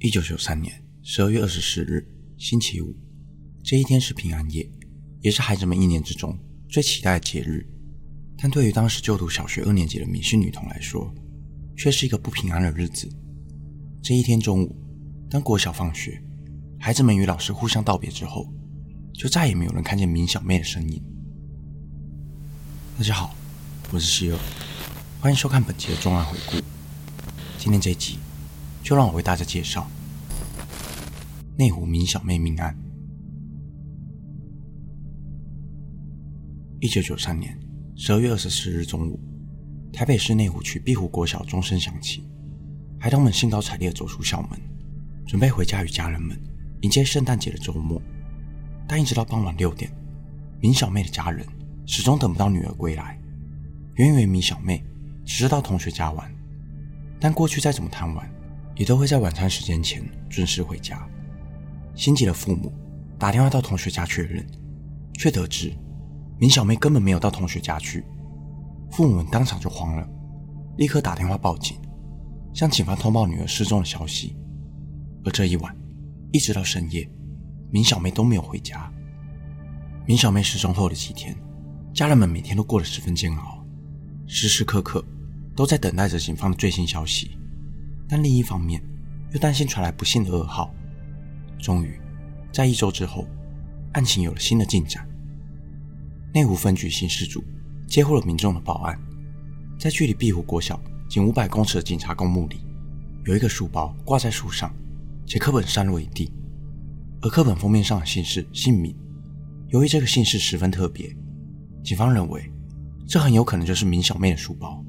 一九九三年十二月二十四日，星期五，這一天是平安夜，也是孩子們一年之中最期待的節日。但對於當時就讀小學二年級的閔姓女童來說，卻是一個不平安的日子。這一天中午，當國小放學，孩子們與老師互相道別之後，就再也沒有人看見閔小妹的身影。大家好，我是希爾，歡迎收看本期的重案回顧。今天這一集，就讓我為大家介紹內湖閔小妹命案。一九九三年十二月二十四日中午，台北市內湖區碧湖國小鐘聲響起，孩童們興高采烈走出校門，準備回家與家人們迎接聖誕節的周末。但一直到傍晚六點，閔小妹的家人始終等不到女兒歸來，原以為閔小妹只是到同學家玩。但過去再怎麼貪玩。也都會在晚餐時間前準時回家。心急的父母打電話到同學家確認，卻得知閔小妹根本沒有到同學家去。父母們當場就慌了，立刻打電話報警，向警方通報女兒失蹤的消息。而這一晚，一直到深夜，閔小妹都沒有回家。閔小妹失蹤後的幾天，家人們每天都過得十分煎熬，時時刻刻都在等待着警方的最新消息。但另一方面，又擔心傳來不幸的噩耗。終於，在一周之後，案情有了新的進展。內湖分局刑事組接獲了民眾的報案，在距離碧湖國小僅五百公尺的警察公墓裡，有一個書包掛在樹上，且課本散落一地。而課本封面上的姓氏姓閔，由於這個姓氏十分特別，警方認為這很有可能就是閔小妹的書包，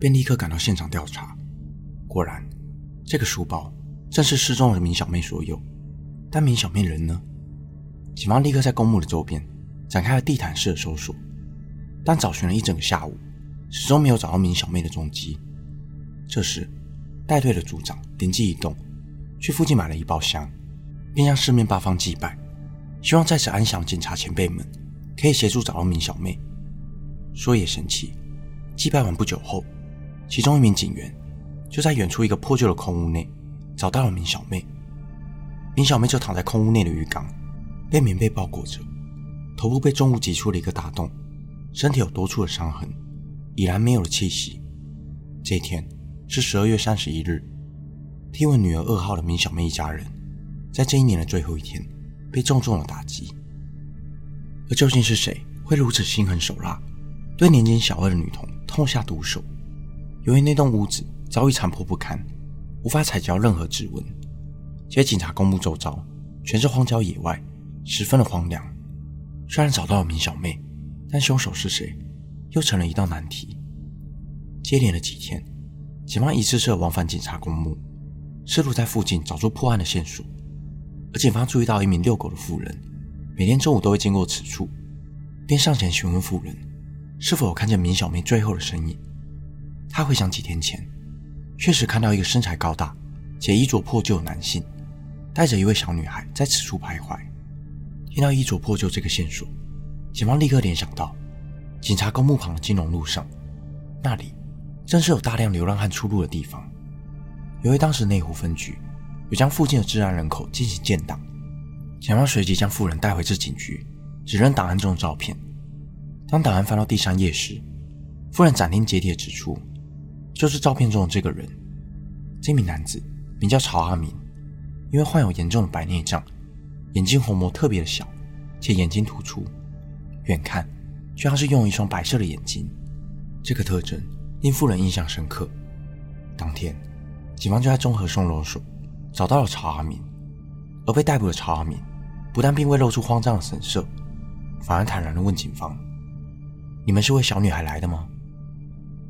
便立刻趕到現場調查。果然，這個書包正是失蹤的閔小妹所有。但閔小妹人呢？警方立刻在公墓的周邊展開了地毯式的搜索，但找尋了一整個下午，始終沒有找到閔小妹的蹤跡。這時，帶隊的組長靈機一動，去附近買了一包香，並向四面八方祭拜，希望在此安詳的警察前輩們可以協助找到閔小妹。說也神奇，祭拜完不久後，其中一名警員。就在遠處一個破舊的空屋內，找到了閔小妹。閔小妹就躺在空屋內的浴缸，被棉被包裹着，頭部被重物擊出了一個大洞，身體有多處的傷痕，已然沒有了氣息。這一天是十二月三十一日，聽聞女兒噩耗的閔小妹一家人，在這一年的最後一天，被重重的打擊。而究竟是誰會如此心狠手辣，對年僅小二的女童痛下毒手？由於那棟屋子。早已殘破不堪，無法採集任何指紋。且警察公墓周遭全是荒郊野外，十分的荒涼。雖然找到了閔小妹，但凶手是誰，又成了一道難題。接連了幾天，警方一次次往返警察公墓，試圖在附近找出破案的線索。而警方注意到，一名遛狗的婦人每天中午都會經過此處，便上前詢問婦人是否有看見閔小妹最後的身影。她回想幾天前。確實看到一個身材高大且衣着破舊的男性，帶着一位小女孩在此處徘徊。聽到衣着破舊這個線索，警方立刻聯想到警察公墓旁的金龍路上，那裡正是有大量流浪漢出入的地方。由於當時內湖分局有將附近的治安人口進行建檔，警方隨即將婦人帶回至警局，指認檔案中的照片。當檔案翻到第三頁時，婦人斬釘截鐵指出。就是照片中的這個人。這名男子名叫曹阿明，因為患有嚴重的白內障，眼睛虹膜特別的小，且眼睛突出，遠看就像是擁有一雙白色的眼睛。這個特徵令婦人印象深刻。當天，警方就在綜合收容所找到了曹阿明，而被逮捕的曹阿明不但並未露出慌張的神色，反而坦然地問警方：“你們是為小女孩來的嗎？”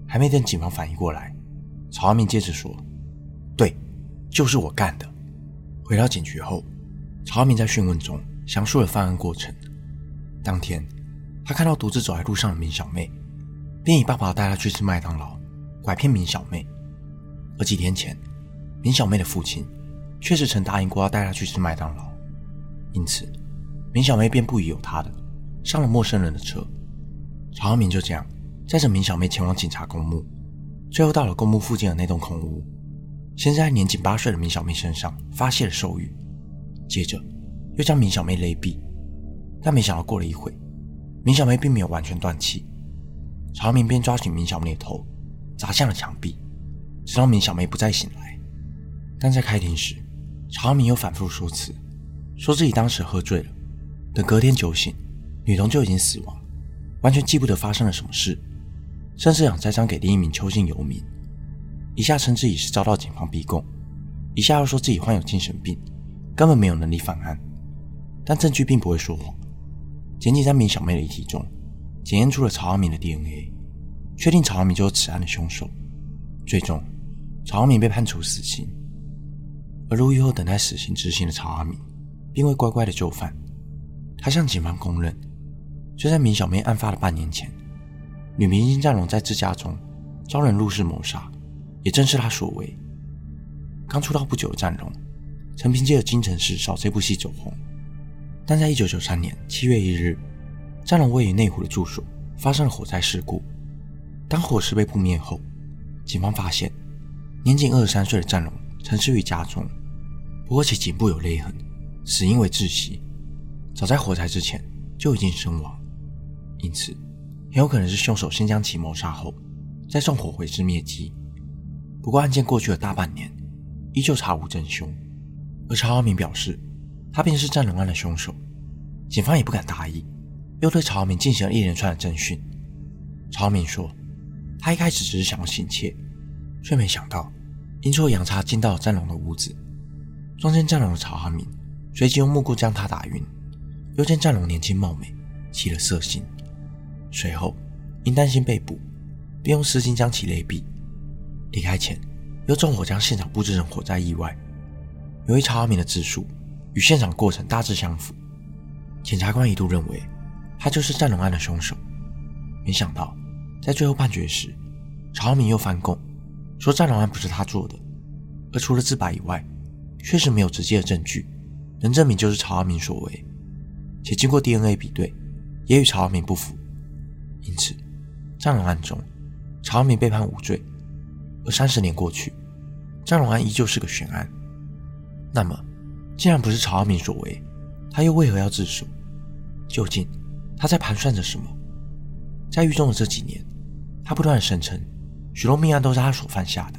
還沒等警方反應過來，曹阿明接着說：“對，就是我幹的。”回到警局後，曹阿明在訊問中詳述了犯案過程。當天，他看到獨自走在路上的閔小妹，便以爸爸帶她去吃麥當勞，拐騙閔小妹。而幾天前，閔小妹的父親確實曾答應過要帶她去吃麥當勞，因此閔小妹便不疑有他地，上了陌生人的車。曹阿明就這樣，載着閔小妹前往警察公墓，最後到了公墓附近的那棟空屋，先在還年僅八歲的閔小妹身上發泄了獸欲，接着又將閔小妹勒斃，但沒想到過了一會，閔小妹並沒有完全斷氣。曹明便抓起閔小妹的頭，砸向了牆壁，直到閔小妹不再醒來。但在開庭時，曹明又反覆說辭，說自己當時喝醉了，等隔天酒醒，女童就已經死亡，完全記不得發生了什麼事。甚至想栽贓給另一名邱姓遊民，一下稱自己是遭到警方逼供，一下又說自己患有精神病，根本沒有能力犯案。但證據並不會說謊。僅僅在閔小妹的遺體中檢驗出了曹阿明的 DNA，確定曹阿明就是此案的兇手。最終，曹阿明被判處死刑。而入獄後等待死刑執行的曹阿明，並未乖乖的就範。他向警方供認，就在閔小妹案發的半年前。女明星戰龍在自家中遭人入室謀殺，也正是她所為。剛出道不久的戰龍，曾憑借着《京城四少》這部戲走紅，但在1993年7月1日，戰龍位於內湖的住所發生了火災事故。當火勢被撲滅後，警方發現年僅二十三歲的戰龍陳屍於家中，不過其頸部有勒痕，死因為窒息。早在火災之前就已經身亡，因此，很有可能是凶手先將其謀殺後，再縱火毀屍滅跡。不過案件過去了大半年，依舊查無真凶。而曹阿明表示，他便是戰龍案的凶手。警方也不敢大意，又對曹阿明進行了一連串的偵訊。曹阿明說，他一開始只是想要行竊，卻沒想到陰錯陽差進到了戰龍的屋子，撞見戰龍的曹阿明隨即用木棍將他打暈。又見戰龍年輕貌美，起了色心。隨後，因擔心被捕，便用絲巾將其勒斃。離開前，又縱火將現場布置成火災意外。由於曹阿明的自述與現場過程大致相符，檢察官一度認為他就是戰龍案的凶手。沒想到，在最後判決時，曹阿明又翻供，說戰龍案不是他做的。而除了自白以外，確實沒有直接的證據能證明就是曹阿明所為，且經過 DNA 比對，也與曹阿明不符。因此，張榮案中，曹阿明被判無罪，而三十年過去，張榮案依舊是個懸案。那麼，既然不是曹阿明所為，他又為何要自首？究竟他在盤算着什麼？在獄中的這幾年，他不斷的聲稱許多命案都是他所犯下的，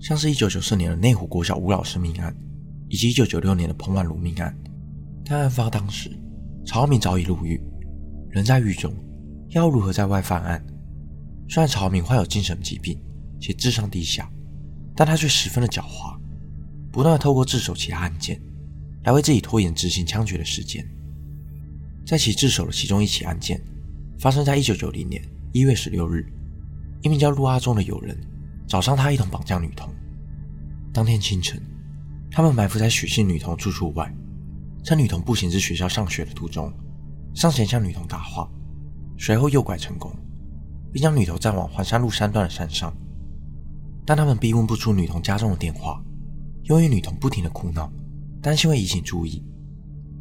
像是一九九四年的內湖國小吳老師命案，以及一九九六年的彭婉如命案。但案發當時，曹阿明早已入獄，人在獄中。要如何在外犯案？雖然曹明患有精神疾病且智商低下，但他卻十分的狡猾，不斷地透過自首其他案件來為自己拖延執行槍決的時間。在其自首的其中一起案件，發生在一九九零年一月十六日，一名叫陸阿忠的友人找上他一同綁架女童。當天清晨，他們埋伏在許姓女童住處外，趁女童步行至學校上學的途中，上前向女童搭話。隨後誘拐成功，並將女童載往環山路三段的山上。但他們逼問不出女童家中的電話，由於女童不停的哭鬧，擔心會引起注意，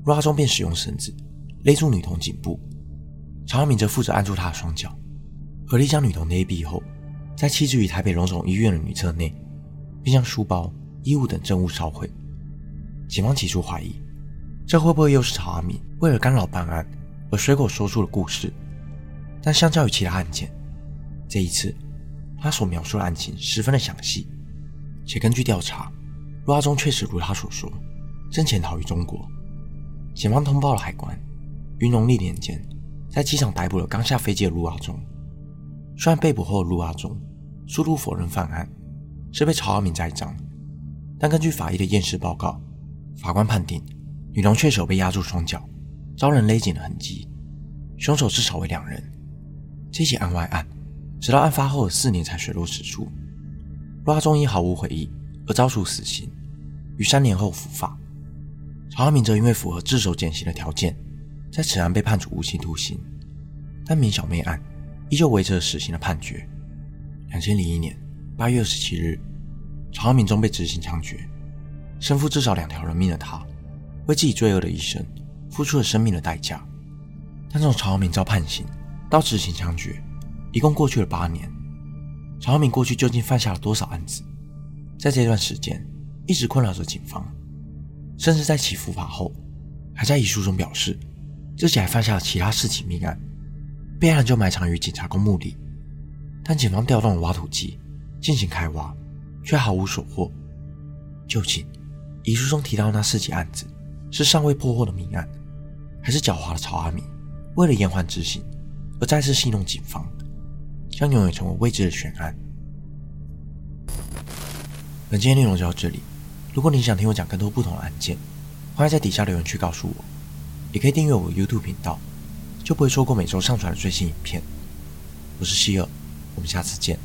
若阿忠便使用繩子勒住女童頸部，曹阿敏則負責按住她的雙腳，合力將女童勒斃後，在棄置於台北榮總醫院的女廁內，並將書包、衣物等證物燒毀。警方起初懷疑，這會不會又是曹阿敏為了干擾辦案而隨口說出的故事？但相較於其他案件，這一次他所描述的案情十分的詳細，且根據調查，陸阿忠確實如他所說，正潛逃於中國。警方通報了海關，於農曆年間在機場逮捕了剛下飛機的陸阿忠。雖然被捕後的陸阿忠數度否認犯案，是被曹阿明栽贓，但根據法醫的驗屍報告，法官判定女童確實有被壓住雙腳，遭人勒緊的痕跡，兇手至少為兩人。這起案外案，直到案發後四年才水落石出。陸阿忠因毫無悔意而遭受死刑，於三年後伏法。曹阿明則因為符合自首減刑的條件，在此案被判處無期徒刑，但閔小妹案依舊維持了死刑的判決。兩千零一年八月二十七日，曹阿明終被執行槍決。身負至少兩條人命的他，為自己罪惡的一生付出了生命的代價。但自從曹阿明遭判刑，到執行槍決，一共過去了八年。曹阿敏過去究竟犯下了多少案子？在這段時間，一直困擾着警方。甚至在其伏法後，還在遺書中表示自己還犯下了其他四起命案，被害人就埋藏於警察公墓裡。但警方調動了挖土機進行開挖，卻毫無所獲。究竟遺書中提到的那四起案子是尚未破獲的命案，還是狡猾的曹阿敏為了延緩執行？不再次戲弄警方，將永遠成為未知的懸案。本期內容就到這裡，如果你想聽我講更多不同的案件，歡迎在底下留言區告訴我，也可以訂閱我的 YouTube 頻道，就不會錯過每周上傳的最新影片。我是希爾，我們下次見。